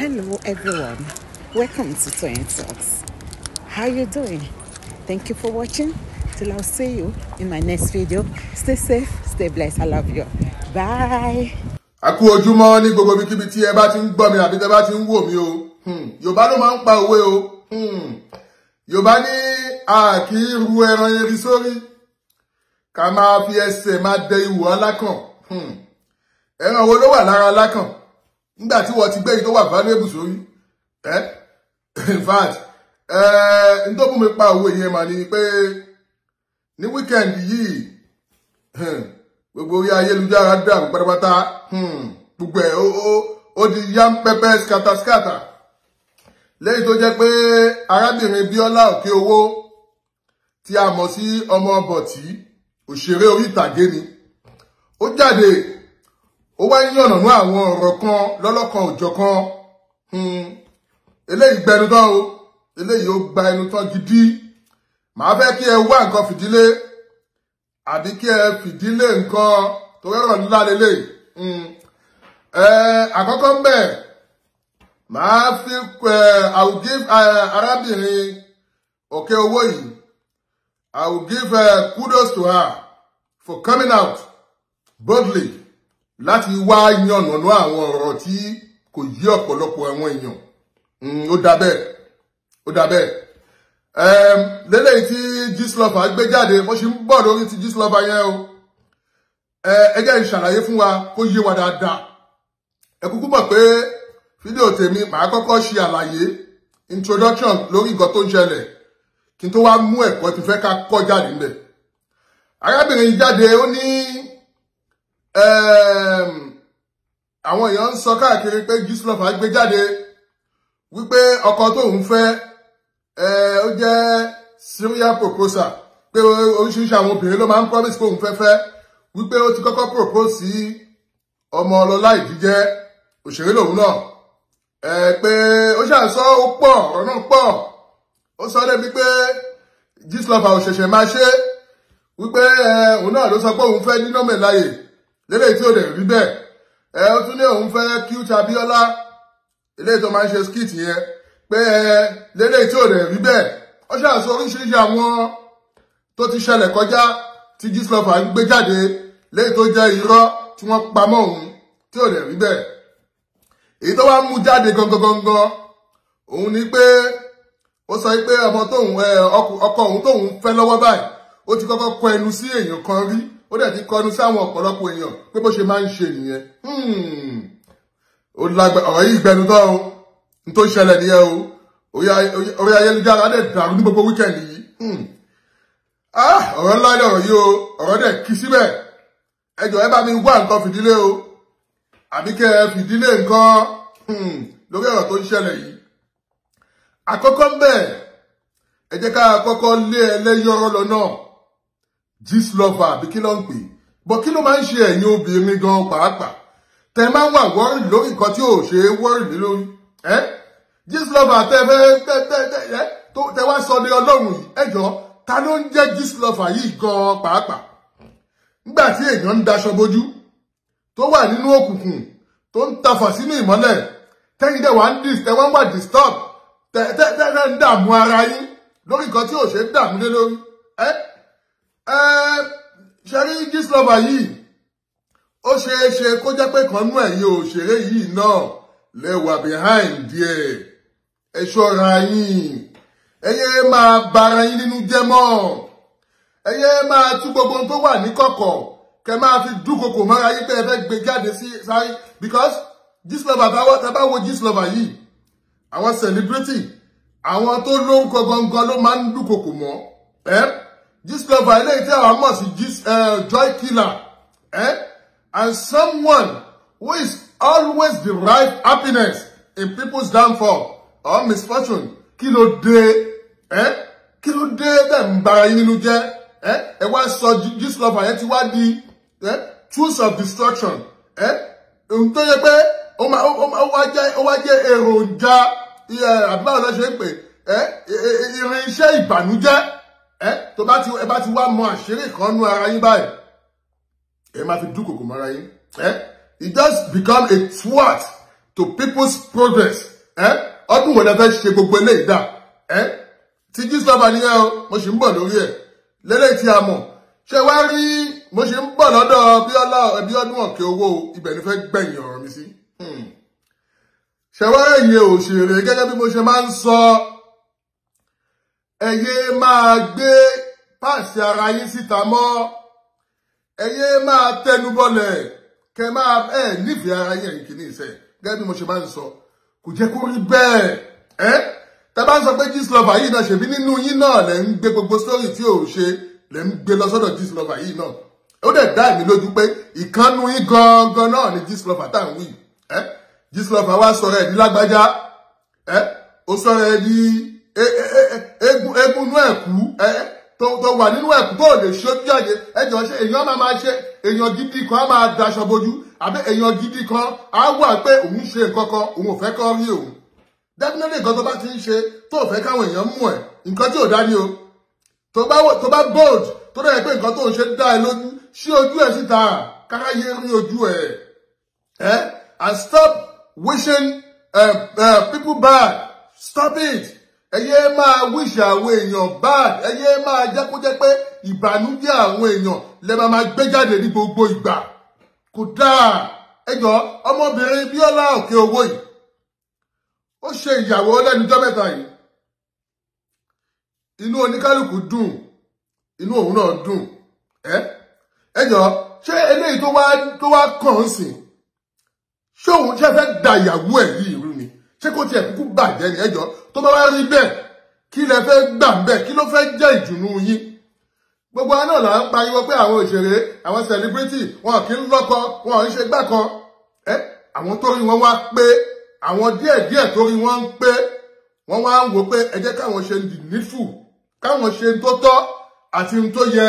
Hello everyone. Welcome to Toyeen Talks. How you doing? Thank you for watching. Till I'll see you in my next video. Stay safe, stay blessed. I love you. Bye. A kú ojúmọ́ ní gbogbo ibikíbi tí ẹ bá ti ń gbọ́ mi àbí tẹ́ bá ti ń wò mí o. Hmm, Yorùbá ló máa ń pa òwe o. Hmm, Yorùbá ní a kì í ru ẹran erin sórí. Ká máa fi ẹsẹ̀ máa dẹ ìwò alákàn. Hmm, ẹran wo ló wà lára alákàn? nígbà tí wọ́n ti gbé yìí tó wà valuable sórí ẹ́ in fact n tó mú mi pa owó yẹn mà ní pé ní weekend yìí hmm, gbogbo orí ayélujára dàrú pátápátá hmm, gbogbo ẹ̀ ó di yam pẹpẹ skataskata lẹ́yìn tó jẹ́ pé arábìnrin Bíọ́lá òkè owó tí a mọ̀ sí ọmọ bọ̀tí òṣèré orí ìtàgé ni ó jáde ó wá ní ọ̀nà náà àwọn ọ̀rọ̀ kan lọ́lọ́kan òjọ̀ kan hmm. eléyìí gbẹnu tán o eléyìí ó gba ẹnu tán gidi màá fẹ́ kí ẹ wá nǹkan fìdílé àbí kí ẹ fìdílé nǹkan tó rẹ́rọ̀ ńlá lélẹ̀ hmm. àkọ́kọ́ ń bẹ̀ màá fi I will give arábìnrin òkè owó yìí I will give kudos to her for coming out boldly láti wá yànnàná àwọn ọ̀rọ̀ tí kò yí ọ̀pọ̀lọpọ̀ àwọn èèyàn mm, ó dá bẹ́ẹ̀ ó dá bẹ́ẹ̀ lélẹ́yìí tí Gistlover gbé jáde wọ́n ṣe ń bọ̀ lórí ti Gistlover yẹn o ẹgẹ́ ìṣàlàyé fún wa kó yé wa dáadáa ẹ kúkú mọ̀ pé fídíò tèmi màá kọ́kọ́ ṣe àlàyé introduction lórí nǹkan tó ń ṣẹlẹ̀ kí n tó wá mú ẹ̀kọ́ tí fẹ́ ká kọ́ jáde ńbẹ̀ arábìnrin jáde ó ní Ehm, àwọn èèyàn ń sọ káàkiri pé Gistloff á gbé jáde wípé ọkọ tóun fẹ́ eh, ó jẹ́ serial proposal pé oríṣiríṣi àwọn obìnrin ló máa ń promise pé òun fẹ́ fẹ́ wípé ó ti kọ́kọ́ propose sí ọmọ ọlọ́lá ìdíjẹ́ òṣèré lòun náà eh, pé ó ṣàṣọ ó pọ̀ ọ̀rọ̀ náà pọ̀ ó sọ débi pé Gistloff ò ṣẹ̀ṣẹ̀ máa ṣe wípé eh, òun náà ló sọ pé òun fẹ́ nínú mẹ́láyè lélẹ̀ tí ò lè rí bẹ́ẹ̀ ẹ ó tún ní òun fẹ́ cute Abíọ́lá eléyìí tó máa ń ṣe skit yẹn pé ẹ lélẹ̀ tí ò lè rí bẹ́ẹ̀ ó ṣàṣọ oríṣiríṣi àwọn tó ti ṣẹlẹ̀ kọjá tí Gistlover ń gbé jáde léyìí tó jẹ́ irọ́ tí wọ́n pamọ́ òun tí ò lè rí bẹ́ẹ̀ èyí tó wá mú jáde gangan òun ni pé ó sọ pé ọmọ tóun ọkọ òun tóun fẹ́ lọ́wọ́ báyìí ó ti kọ́kọ́ kọ ẹnu sí èèyàn kan rí ó dẹ̀ ti kọnu sáwọn ọ̀pọ̀lọpọ̀ èèyàn pé bó ṣe máa ń ṣe nìyẹn hmm. ọ̀rọ̀ yìí gbẹnu tán o n tó ṣẹlẹ̀ nìyẹn o orí ayélujára dẹ̀ dàrú ní gbogbo hmm. ah, ọ̀rọ̀ ńlá ni ọ̀rọ̀ yìí o ọ̀rọ̀ dẹ̀ kí síbẹ̀ ẹ jọ̀ọ́ ẹ bá mi wá nǹkan fìdílé o àbí kẹ́ ẹ fìdílé nǹkan hmm. lórí ọ̀rọ̀ tó ń ṣẹlẹ̀ yìí ẹ jẹ́ ká lé lọ náà. This lover àbí kí ló ń pè bọ kí ló máa ń ṣe ẹ̀yin obìnrin gan pàápàá tẹ máa ń wà wọ́ọ̀rì lórí nǹkan tí ò ṣe é wọ́ọ̀rì lé lórí ẹ gist lover tẹ fẹ́ tẹ tẹ tẹ ẹ tó tẹ wá sọ ní ọlọ́run yìí ẹ jọ ta ló ń jẹ́ gist lover yìí gan pàápàá nígbà tí èèyàn ń daṣọ bojú tó wà nínú òkùnkùn tó ń tafà sínú ìmọ́lẹ̀ tẹ́yìn dẹ̀ wá ń dis tẹ́ wọ́n ń wà disturb tẹ́ tẹ́ tẹ́ ń dààmú ara yín lórí nǹkan tí ò ṣe ń dààmú lé lórí ẹ́ ṣẹ́rí gíslọ́bà yìí ó ṣeé ṣe kó jẹ́ pé kan nú ẹ̀yin òṣèré yìí náà lẹ́wà behind ẹ̀ ẹ ṣọ́ra yín ẹ̀yẹ máa bara yín nínú jẹ́ mọ́ ẹ̀yẹ máa tú gbogbo ohun tó wà ní kọ̀kọ̀ kẹ máa fi dúnkokò mọ́ra yín pé ẹ fẹ́ gbé jáde sí sáré because gíslọ́bà tábà wo gíslọ́bà yìí àwọn celebrity àwọn tó lórúkọ gangan ló máa ń dúnkokò mọ́ ẹ́. Eh? This lover eléyìí tí àwọn mọ̀ sí gist joy killer eh? and someone who is always derive happiness in people's downfall or misfortune kí ló dé eh? kí ló dé bẹ́ẹ̀ ń bara yín nínú jẹ́ eh? ẹ wá sọ gist lover yẹn ti wá di eh? tools of destruction eh? ohun tó yẹ pé ó wá jẹ́ èròjà eh, àbúrò ọ̀dọ́ ṣe é pé irinṣẹ́ ìbànújẹ́ ẹ tó bá ti ẹ bá ti wá mọ àṣírí kan nú ara yín báyìí ẹ máa fi dúkòkò mọ́ra yín ẹ just become a twat to people's progress ẹ ọdún wo ni a fẹ́ ṣe gbogbo eléyìí dà ẹ ti gíslọ́bà nìyẹn o mo sì ń bọ̀ lórí ẹ̀ lélẹ́yìí tí a mọ̀ ṣé wá rí mo sì ń bọ̀ lọ́dọ̀ bíọ́lá ẹbí ọdún ọ̀kẹ́ owó ibẹ̀ ni fẹ́ gbẹ̀yìn ọ̀rọ̀ mi sí hmm. ṣé wá rẹ̀ yẹ òṣèré gẹ́gẹ́ bí mo ṣe máa ń sọ. So, ẹ yéé máa gbé páàsì ara yín síta mọ́ ẹ yéé máa tẹnubọlẹ̀ kẹ máa ẹ nífẹ̀ẹ́ ara yín ẹ̀yìn kìíní ìṣe gẹ́gẹ́ bí mo ṣe máa ń sọ kò jẹ́ kó rí bẹ́ẹ̀ ẹ́ tẹ bá ń sọ pé Gistlover yìí náà ṣèbí nínú yín náà lẹ́ ń gbé gbogbo sórí tí ò ṣe lẹ́ ń gbé lọ sọ́dọ̀ Gistlover yìí náà ó dẹ̀ dá èmi lójú pé ìkànnù yín gangan náà ni Gistlover tá à ń wí ẹ́ Gistlover wá sọ̀rọ̀ ẹ̀ ní lágbájá ẹ́ ó sọ̀rọ̀ ẹ̀ ní. E, e, e, egun egun ẹ̀kú tó wà nínú ẹ̀kú tó lè ṣe jáde ẹjọ́ ṣe èèyàn máa máa ṣe èèyàn gidi kan á máa daṣọ bojú àbí èèyàn gidi kan á wà pé òun ṣe nǹkan kan òun ò fẹ́ kọ́ rí òun definitely nǹkan tó bá ti ń ṣe tó fẹ́ káwọn èèyàn mú ẹ̀ nǹkan tí ò dá ní o tó bá bold tó dẹ̀ pé nǹkan tó ń ṣe dá ẹ lójú ṣí ojú ẹ síta káráyé rí ojú ẹ ẹ and stop wishing uh, uh, people bad stop it ẹyẹ máa wíṣẹ àwọn èèyàn bad ẹyẹ máa jẹ́ kó jẹ́ pé ìbànújẹ́ àwọn èèyàn lẹ máa máa gbé jáde ní gbogbo ìgbà kò dáa ẹjọ ọmọbìnrin Bíọ́lá òkè owó yìí ó ṣe ìyàwó lẹ́nujọ́ mẹ́ta yìí inú oníkálukú dùn inú òun náà dùn ẹ ẹjọ ṣé eléyìí tó wá kàn ń sìn ṣé òun ṣe fẹ́ da ìyàwó ẹ̀ yìí ṣé kò tiẹ̀ kúkú bàjẹ́ ni ẹjọ́ tó bá wá rí bẹ́ẹ̀ kí lẹ fẹ́ gbà bẹ́ẹ̀ kí ló fẹ́ jẹ́ ìdùnnú yín gbogbo aná là ń pariwo pé àwọn òṣèré àwọn celebrity wọn kì í lọ́kọ wọn ò ń ṣe gbà kan ẹ àwọn tó rí wọn wá pé àwọn díẹ̀ díẹ̀ tó rí wọn ń pé wọn wá ń wò pé ẹ jẹ́ káwọn ṣe the needful káwọn ṣe tó tọ́ àti n tó yẹ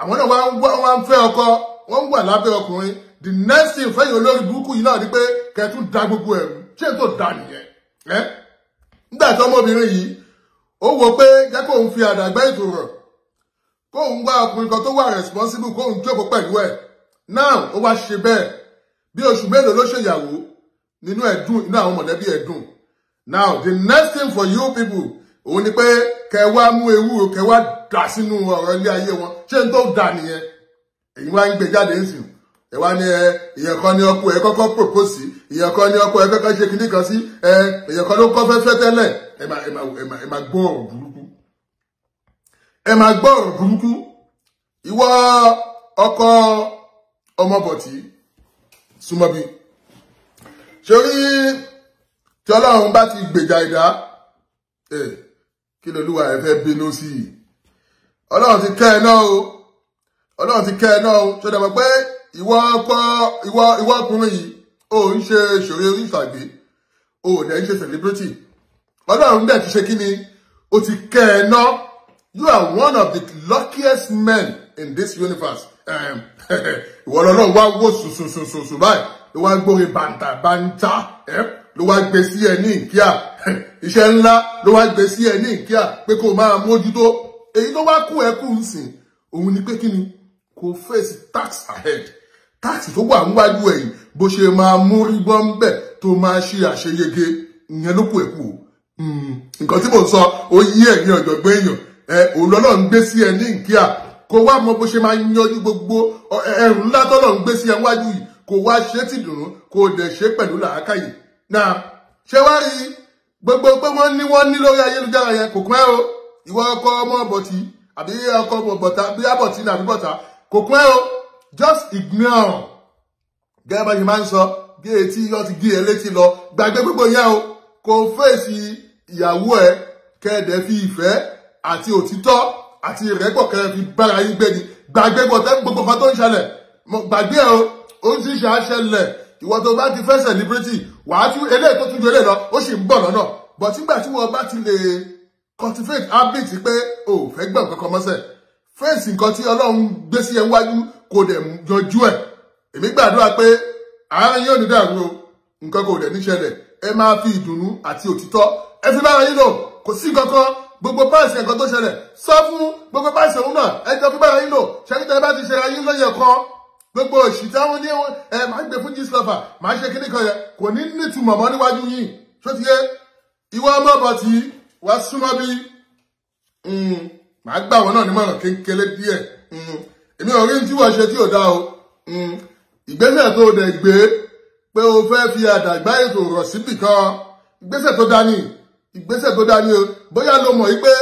àwọn náà wá ń wá wá ń fẹ́ ọkọ wọn ń wà lábẹ́ ọkùnrin the next thing fẹ̀yìn olórí burúkú yìí náà ni pé kẹtù da gbogbo ẹrù ṣé tó dá nìyẹn ẹ́ nígbà tí ọmọbìnrin yìí ó pé jẹ́ kóun fi àdàgbà ètò rọ̀ kóun wá ọkùnrin kan tó wà responsible kóun jókòó pẹ̀lú ẹ̀ now ó wá ṣe bẹ́ẹ̀ bí oṣù mélòó ló ìyàwó nínú ẹ̀dùn inú àwọn mọ̀lẹ́bí ẹ̀dùn now the next thing for you people òun ni pé kẹ wá mú kẹ wá dà sínú ayé wọn ṣé n nìyẹn èyí wá ń gbé ẹ wá ní ẹ ìyẹn kan ní ọkọ ẹ kọ́kọ́ propose ìyẹn kan ní ọkọ ẹ kọ́kọ́ ṣe kìíní kan sí ẹ ìyẹn kan ló kọ́ fẹ́fẹ́ tẹ́lẹ̀ ẹ máa ẹ máa ẹ máa gbọ́ ọ̀rọ̀ burúkú ẹ máa gbọ́ ọ̀rọ̀ burúkú ìwọ ọkọ ọmọbọ̀tì súnmọ́bí sórí tí ọlọ́run bá ti gbèjà ìdá ẹ kí lolúwa ẹ fẹ́ bínú sí i ọlọ́run ti kẹ́ ẹ náà o ọlọ́run ti kẹ́ ẹ náà o ìwọ ọkọ ìwọ ìwọ ọkùnrin yìí ò ń ṣe ṣòro orí ìtàgé ò dẹ̀ ń ṣe celebrity ọlọ́run dẹ̀ ti ṣe kí ni o ti kẹ́ ẹ ná you are one of the luckiest men in this universe ìwọ ọlọ́run wá wò sùsùsùsùsù báyìí ló wá gbóre bàǹtà bàǹtà ló wá gbé sí ẹ ní ìkíà iṣẹ́ ńlá ló wá gbé sí ẹ ní ìkíà pé kó máa mójútó èyí tó wá kú ẹ kú ń sìn òun ni pé kí ni kò face tax ahead táàsì tó wà níwájú ẹ̀yìn bó ṣe máa mú rí gbọ́n bẹ̀ tó máa ṣe àṣeyege ìyẹn ló kù ẹ̀kú hmm, nǹkan tí mò ń sọ ó yí ẹ̀yìn ọ̀jọ̀gbọ́n èèyàn ẹ òun lọ́nà ń gbé sí ẹ ní ìkíà kó wá mọ bó ṣe máa yanjú gbogbo ẹrù ńlá ń gbé yìí kó wá ṣe ṣe pẹ̀lú làákàyè na. ṣé wá rí gbogbo pé wọ́n ní wọ́n ní lórí ayélujára o ìwọ ọkọ ọmọ àbí ọkọ ọmọ just ignore them gẹ́gẹ́ bá ṣe máa ń sọ gé etí yọ ti gé ẹ létí lọ gbàgbé gbogbo yẹn o kò fèsì ìyàwó ẹ kẹ́ẹ̀dẹ̀ fi ìfẹ́ àti òtítọ́ àti ìrẹ́pọ̀ kẹ́ẹ̀ fi bára yín gbé ni gbàgbé gbọ̀tẹ́ gbogbo kan tó ń ṣẹlẹ̀ gbàgbé o oríṣiríṣi àṣẹlẹ̀ ìwọ tó bá ti fẹ́ celebrity wàá tún eléyìí tó tún ju eléyìí lọ ó sì ń bọ̀ lọ́nà bọ̀ tí gbà tí wọ́n bá ti lè cultivate habits. pé o ò fẹ́ gbọ̀n kankan mọ́sẹ̀ fèsì nǹkan tí Ọlọ́run gbé sí ẹ wájú kò dẹ̀ yanjú ẹ̀ èmi gbàdúrà pé àárín yóò ní dàrú o nǹkan kò dẹ̀ níṣẹ̀lẹ̀ ẹ máa fi ìdùnnú àti òtítọ́ ẹ fi bára yín lò kò sí kankan gbogbo páàsì ẹ̀kan tó ṣẹlẹ̀ sọ fún gbogbo páàsì òun náà ẹ jọ fi bára yín lò ṣẹ́yìn bá ti ṣe ayé lọ́yẹ̀ kan gbogbo òṣì táwọn ní ẹ máa ń gbé fún gíslọ́fà máa ṣe kíní kan yẹn kò ní nítumọ̀ mọ́ níwájú yìí tó ti yé ìwọ ọmọ ọ̀bọ̀ tí wàá súnmọ́ bí hmm. màá gbà wọn náà nímọ̀ràn kékeré díẹ̀ hmm èmi ò rí ní tí wọ́n ṣe tí ò dá o hmm. ìgbésẹ̀ tó o dẹ̀ gbé pé o fẹ́ fi àdàgbà ètò rọ̀ síbì kan ìgbésẹ̀ tó dání ìgbésẹ̀ tó dání o bóyá ló mọ̀ yí pé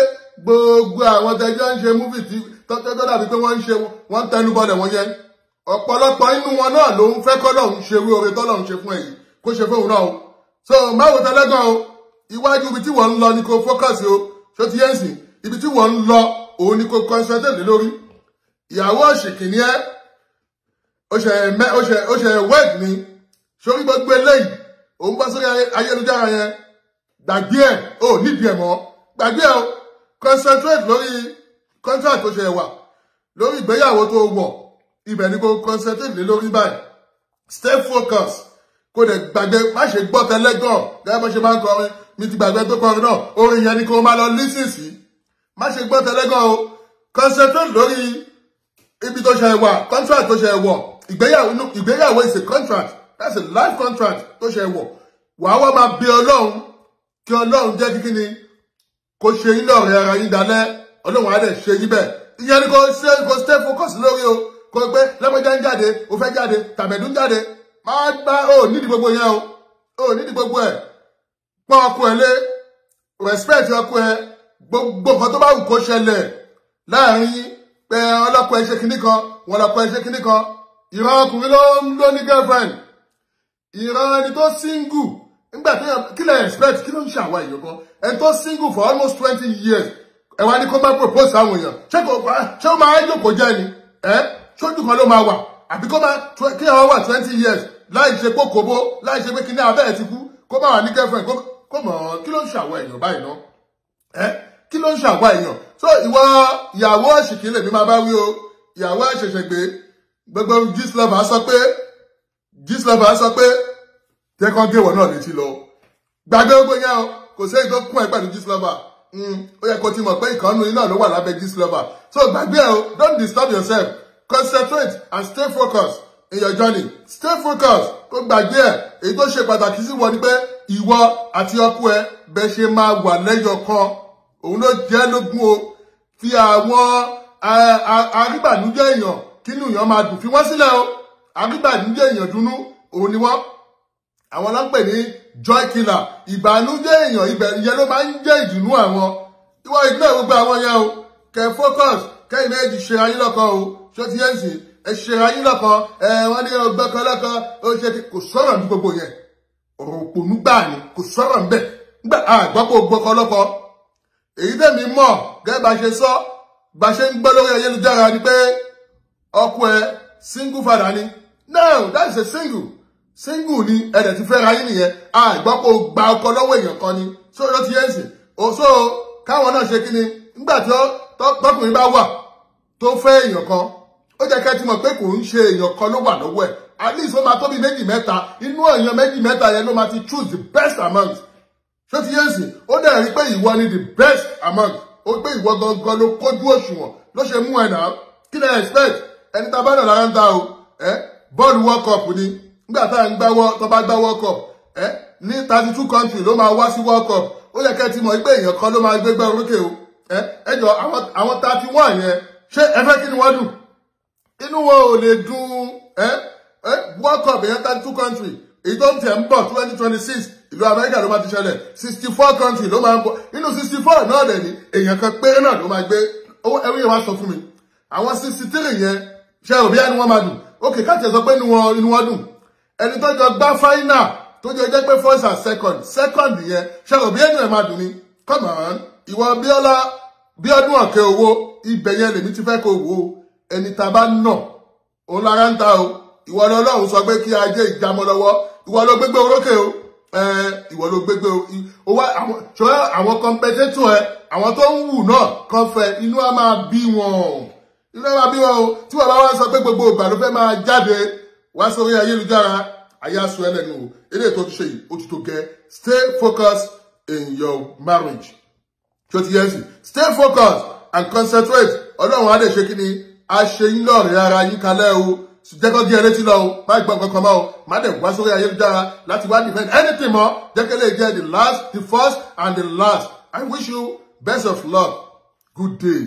gbogbo àwọn tẹjọ́ ń ṣe múfì tí tọ́tọ́ dàbí pé wọ́n ń ṣe wọ́n ń tẹnu bọ́lẹ̀ wọ́n yẹn ọ̀pọ̀lọpọ̀ inú wọn náà ló ń fẹ́ kọ́lọ́hún ṣe wí oore tọ́lọ́hún ṣe fún èyí kó ṣe fóun náà o so máwo tẹlẹ́gàn o iwájú ibi tí wọ́n ń lọ ni kò fókàsì o ṣó ti yẹn sìn ibi tí wọ́n ń lọ òun ni kò concentrate lórí ìyàwó òṣìkì ni ẹ́ ó ṣe mẹ́ ó ṣe ó ṣe wed ni sórí gbogbo eléyìí òun bá sórí ayélujára yẹn gbàgbé ẹ̀ ó nídìí ẹ̀ mọ́ gbàgbé ẹ̀ o concentrate lórí contract tó ṣe wà lórí ìgbéyàwó tó wọ̀ ibẹ̀ ni kò concentrate lé lórí báyìí stay focused kò dẹ̀ gbàgbé má ṣe gbọ́ tẹ́lẹ́gàn gẹ́gẹ́ bó ṣe máa ń kọrin mi ti gbàgbé tó kọrin náà orin yẹn ni kò máa lọ lísìsì má ṣe gbọ́ tẹ́lẹ́gàn o concentrate lórí ibi tó ṣe wà contract tó ṣe wọ̀ ìgbéyàwó ìgbéyàwó is a contract that's a life contract tó ṣe wọ̀ wàá wá máa bí ọlọ́run kí ọlọ́run jẹ́ kíkí ni kò ṣe yín lọ́ọ̀rẹ́ ara yín dalẹ́ ọlọ́run á dẹ̀ ṣe yín bẹ́ẹ̀ ìyẹn ni kò ṣe kò stay focus lórí o kò pé lẹ́gbẹ́jà ń jáde o fẹ́ jáde tàbẹ̀dún jáde máa gbá o nídìí gbogbo yẹn o o nídìí gbogbo ẹ̀ pọ́n ọkọ ẹ̀ lé respect ọkọ ẹ̀ gbogbo nǹkan tó bá wù kó ṣẹlẹ̀ láàrin yín pé ọlọ́pàá ẹ ṣe kinní kan wọn lọ́pàá ẹ ṣe kinní kan ìran ọkùnrin ló ń lò ní girlfriend ìran ẹni tó single nígbà tó yàn kí lè expect kí ló ń ṣàwọ̀ èèyàn kan ẹni tó single for almost twenty years ẹ wá ní kó má propose àwọn èèyàn ṣé kò ṣé ó máa jókòó jẹ́ ni ẹ ṣojú kan ló máa wà àbí kó má kí àwọn wà twenty years láì ṣe pé kòbó láì ṣe pé kinní abẹ́ ẹ̀ ti kú kó má wà ní girlfriend kó mọ̀ kí ló ń ṣàwọ̀ èèyàn báyìí náà ẹ kí ló ń ṣe àwa èèyàn so ìwọ ìyàwó àṣìkí lèmi máa bá wí o ìyàwó àṣẹ̀ṣẹ̀ gbé gbogbo gislava sọ pé gislava sọ pé tẹkàn gé ìwọ náà létí lọ gbàgbé gbogbo yẹn o kò sí èyí tó kún ẹ pẹ̀lú gislava hmm, ó yẹ kó ti mọ̀ pé ìkànnù iná ló wà lábẹ́ gislava so gbàgbé o don't disturb yourself concentrate and stay focused in your journey stay focused kó gbàgbé ẹ èyí tó ṣe pàtàkì sí wọn ni pé ìwọ àti ọkọ ẹ bẹ ṣe máa wà lẹ́yọ̀ kan òun ló jẹ́ lógún o fi àwọn arígbànújẹ́ èèyàn kínú èèyàn máa dùn fi wọ́n sílẹ̀ o arígbànújẹ́ èèyàn dùnnú òun ni wọ́n àwọn lápẹ̀ ní joy killer ìbànújẹ́ èèyàn ibẹ̀ ìyẹn ló máa ń jẹ́ ìdùnnú àwọn ìwọ ìdílé gbogbo àwọn yẹn o kẹ focus kẹyìn méjì ṣe ayé lọkọ o ṣó ti yẹn sì ẹ ṣe ayé lọkọ ẹ wọn ní ọgbẹkọ lọkọ ó ṣe kò sọ̀rọ̀ ní gbogbo yẹn òpònú gbà ni kò sọ̀rọ̀ ń gbà àgbọpọ gbọkọ lọkọ èyí tẹ̀mí mọ̀ gẹ́gẹ́ bá ṣe sọ bá ṣe ń gbọ́ lórí ayélujára ni pé single father ni no that is a single single ni ẹ̀dẹ̀ ti fẹ́ra yín nìyẹn àgbọ́ kó gba ọkọ lọ́wọ́ èèyàn kan ni so ló ti yẹn sìn òṣò káwọn náà ṣe kí ni nígbà tí tọkùnrin bá wà tó fẹ́ èèyàn kan ó jẹ́ kẹ́ ti mọ̀ pé kò ń ṣe èèyàn kan ló wà lọ́wọ́ ẹ̀ at least ó máa tóbi méjì mẹ́ta inú èèyàn méjì mẹ́ta the best amount ṣé ti yẹn sìn ó dẹ̀ rí pé ìwọ ni the best among ó pé ìwọ gangan ló kójú òṣùwọ̀n ló ṣe mú ẹ̀ náà kí lè expect ẹni tá a bá dà lára ń ta o ẹ bọ́ọ̀lù world cup ni nígbà tá à ń gbáwọ́ tó bá gbá world cup ẹ ní thirty two country ló máa wá sí world cup ó yẹ kẹ́ ti mọ̀ pé èèyàn kan ló máa gbé gbẹ́ orókè o ẹ ẹ jọ àwọn thirty one yẹn ṣé ẹ fẹ́ kí ni wọ́n dùn inú wọn ò lè dùn ẹ world cup yẹn thirty two country èyí tó ń ń bọ̀ twenty twenty six ìlú amẹ́ríkà ló máa ti ṣẹlẹ̀ sixty four country ló máa ń bọ̀ nínú sixty four náà dẹ̀ ni èèyàn kan péré náà ló máa gbé owó ẹ̀rí yẹn wá sọ fún mi àwọn sixty three yẹn ṣe òbí ẹni wọn máa dùn òkè káàtì sọ pé inú wọn dùn ẹni tó jọ gbá fáínà tó jẹ jẹ pé first and second second yẹn ṣe òbí ẹni rẹ máa dùn ni come on ìwọ bíọ́lá bíọ́dún ọ̀kẹ́ owó ibẹ̀ yẹn lèmi ti fẹ́ kó wò ó ẹni tá a bá nà òun lára ń ta o ìwọ ni ọlọ́run sọ pé kí ajé ìjámọ́ lọ́wọ́ ìwọ ló gbégbé orókè o ìwọ ló gbégbé o wá àwọn ṣọ ẹ àwọn tó ń wù náà kan fẹ́ inú á máa bí wọn inú á máa bí wọn o tí wọn bá wá sọ pé gbogbo ìgbà ló fẹ́ máa jáde wá sórí ayélujára ayé aṣọ ẹlẹ́nu o eré ètò ṣe yìí ó ti tó gẹ́ stay focused in your marriage ṣó ti yẹn sì stay focused and concentrate ọlọ́run á lè ṣe kí ni àṣeyín lọ́ọ̀rẹ́ ara yín kalẹ́ o jẹ́kọ́ gé ẹrẹ́ tí lọ o má gbọ́ kankan mọ́ o má dẹ̀ wá sórí ayélujára láti wá defend anything mọ́ jẹ́kẹ́lẹ́ jẹ́ the last the first and the last I wish you best of luck good day.